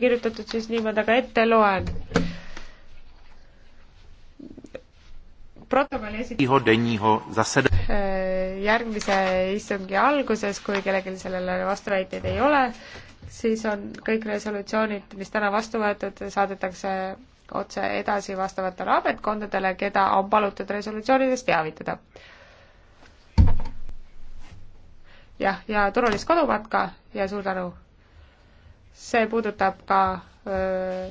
kirjutatud siis niimoodi, aga ette loen. protokolli esitab äh, järgmise istungi alguses, kui kellelgi sellele vastuväiteid ei ole, siis on kõik resolutsioonid, mis täna vastu võetud, saadetakse otse edasi vastavatele ametkondadele, keda on palutud resolutsioonidest teavitada. jah, ja turvalist kodumatka ja suur tänu! see puudutab ka öö,